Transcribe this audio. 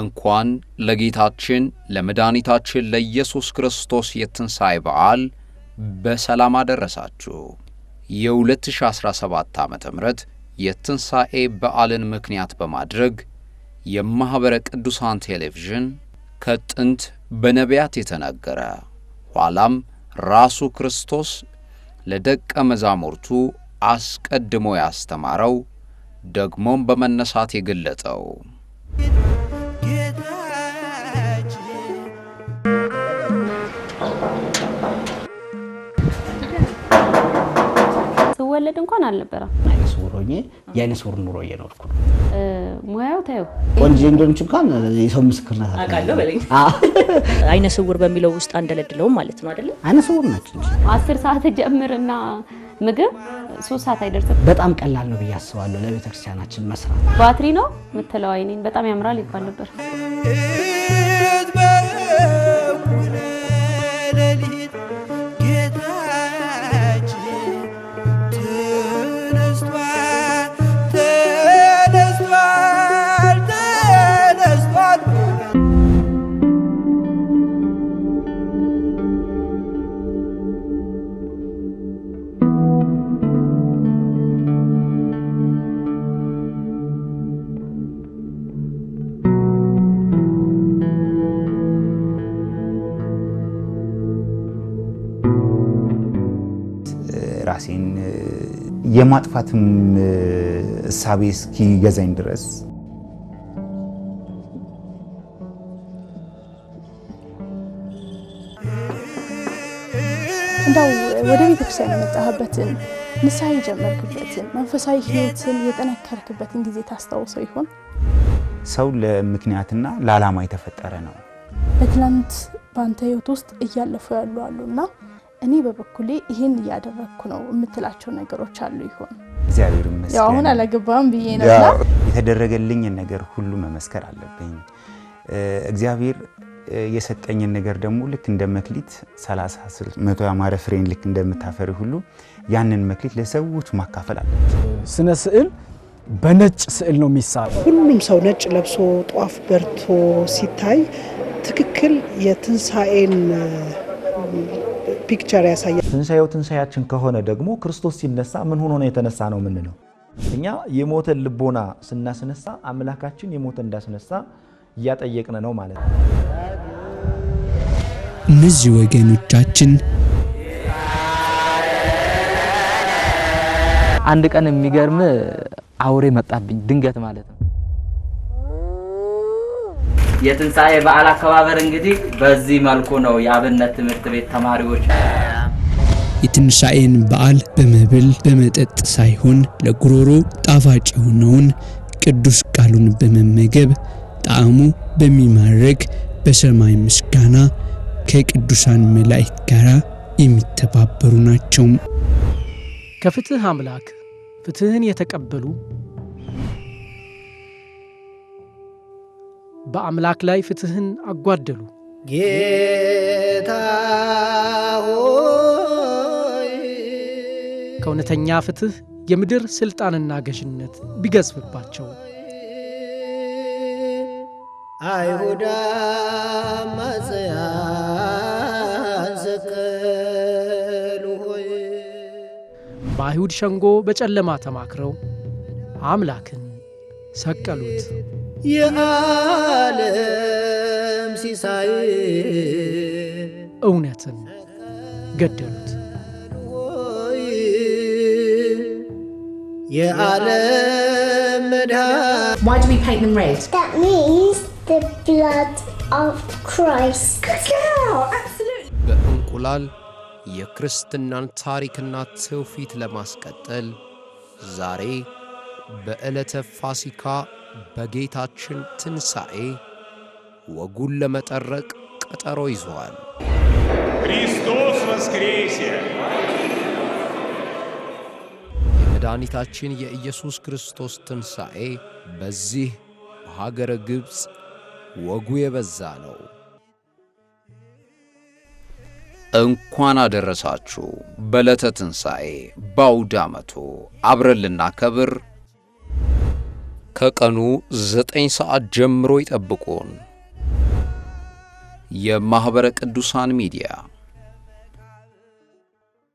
እንኳን ለጌታችን ለመድኃኒታችን ለኢየሱስ ክርስቶስ የትንሣኤ በዓል በሰላም አደረሳችሁ። የ2017 ዓ ም የትንሣኤ በዓልን ምክንያት በማድረግ የማኅበረ ቅዱሳን ቴሌቪዥን ከጥንት በነቢያት የተነገረ ኋላም ራሱ ክርስቶስ ለደቀ መዛሙርቱ አስቀድሞ ያስተማረው ደግሞም በመነሳት የገለጠው መወለድ እንኳን አልነበረም። አይነ ስውር ሆኜ የአይነ ስውር ኑሮ እየኖርኩ ነው። ሙያው ታየው ቆንጆ እንደሆነች እንኳን የሰው ምስክርነት ናት አውቃለሁ በለኝ። አይነ ስውር በሚለው ውስጥ አንደለድለውም ማለት ነው አይደለ? አይነ ስውር ናቸው። እንጂ አስር ሰዓት ጀምርና ምግብ ሶስት ሰዓት አይደርስም። በጣም ቀላል ነው ብዬ አስባለሁ ለቤተክርስቲያናችን መስራት። ባትሪ ነው የምትለው አይኔን በጣም ያምራል ይባል ነበር። ራሴን የማጥፋትም እሳቤ እስኪገዛኝ ድረስ እንዳው ወደ ቤተክርስቲያን የመጣህበትን ንስሐ የጀመርክበትን መንፈሳዊ ህይወትን የጠነከርክበትን ጊዜ ታስታውሰው ይሆን? ሰው ለምክንያትና ለዓላማ የተፈጠረ ነው። በትናንት በአንተ ህይወት ውስጥ እያለፉ ያሉ አሉና እኔ በበኩሌ ይህን እያደረግኩ ነው የምትላቸው ነገሮች አሉ ይሆን? እግዚአብሔር ይመስገን አሁን አላገባም ብዬ ነው የተደረገልኝን ነገር ሁሉ መመስከር አለብኝ። እግዚአብሔር የሰጠኝን ነገር ደግሞ ልክ እንደ መክሊት 30 መቶ ያማረ ፍሬን ልክ እንደምታፈሪ ሁሉ ያንን መክሊት ለሰዎች ማካፈል አለች። ስነ ስዕል በነጭ ስዕል ነው የሚሳል። ሁሉም ሰው ነጭ ለብሶ ጧፍ በርቶ ሲታይ ትክክል የትንሣኤን ፒክቸር ያሳያል። ትንሣኤው ትንሣያችን ከሆነ ደግሞ ክርስቶስ ሲነሳ ምን ሆኖ ነው የተነሳ ነው ነው እኛ የሞተን ልቦና ስናስነሳ አምላካችን የሞተ እንዳስነሳ እያጠየቅን ነው ማለት ነው። እነዚህ ወገኖቻችን አንድ ቀን የሚገርም አውሬ መጣብኝ ድንገት ማለት ነው። የትንሣኤ በዓል አከባበር እንግዲህ በዚህ መልኩ ነው የአብነት ትምህርት ቤት ተማሪዎች የትንሣኤን በዓል በመብል በመጠጥ ሳይሆን ለጉሮሮ ጣፋጭ የሆነውን ቅዱስ ቃሉን በመመገብ ጣዕሙ በሚማረግ በሰማይ ምስጋና ከቅዱሳን መላእክት ጋር የሚተባበሩ ናቸው። ከፍትህ አምላክ ፍትህን የተቀበሉ በአምላክ ላይ ፍትህን አጓደሉ። ጌታ ሆይ ከእውነተኛ ፍትህ የምድር ሥልጣንና ገዥነት ቢገዝብባቸው አይሁዳ ማጽያ ዘቀሉ ሆይ በአይሁድ ሸንጎ በጨለማ ተማክረው አምላክን ሰቀሉት። ሲሳይ እውነትን ገደሉት። የዓለም መድኃኒት Why do we paint them red? That means the blood of Christ. Good girl, absolutely. በእንቁላል የክርስትናን ታሪክና ትውፊት ለማስቀጠል ዛሬ በዕለተ ፋሲካ በጌታችን ትንሣኤ ወጉን ለመጠረቅ ቀጠሮ ይዘዋል። ክርስቶስ ወስክሬሴ! የመድኃኒታችን የኢየሱስ ክርስቶስ ትንሣኤ በዚህ በሀገረ ግብፅ ወጉ የበዛ ነው። እንኳን አደረሳችሁ። በለተ ትንሣኤ በአውድ ዓመቱ አብረልና ከብር ከቀኑ ዘጠኝ ሰዓት ጀምሮ ይጠብቁን። የማኅበረ ቅዱሳን ሚዲያ